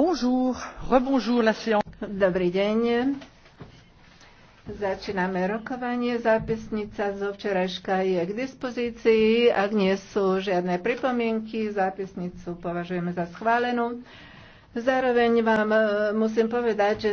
Bonjour, rebonjour la séance. Dobrý deň. Začíname rokovanie. Zápisnica zo včerajška je k dispozícii. Ak nie sú žiadne pripomienky, zápisnicu považujeme za schválenú. Zároveň vám eh, musím povedať, že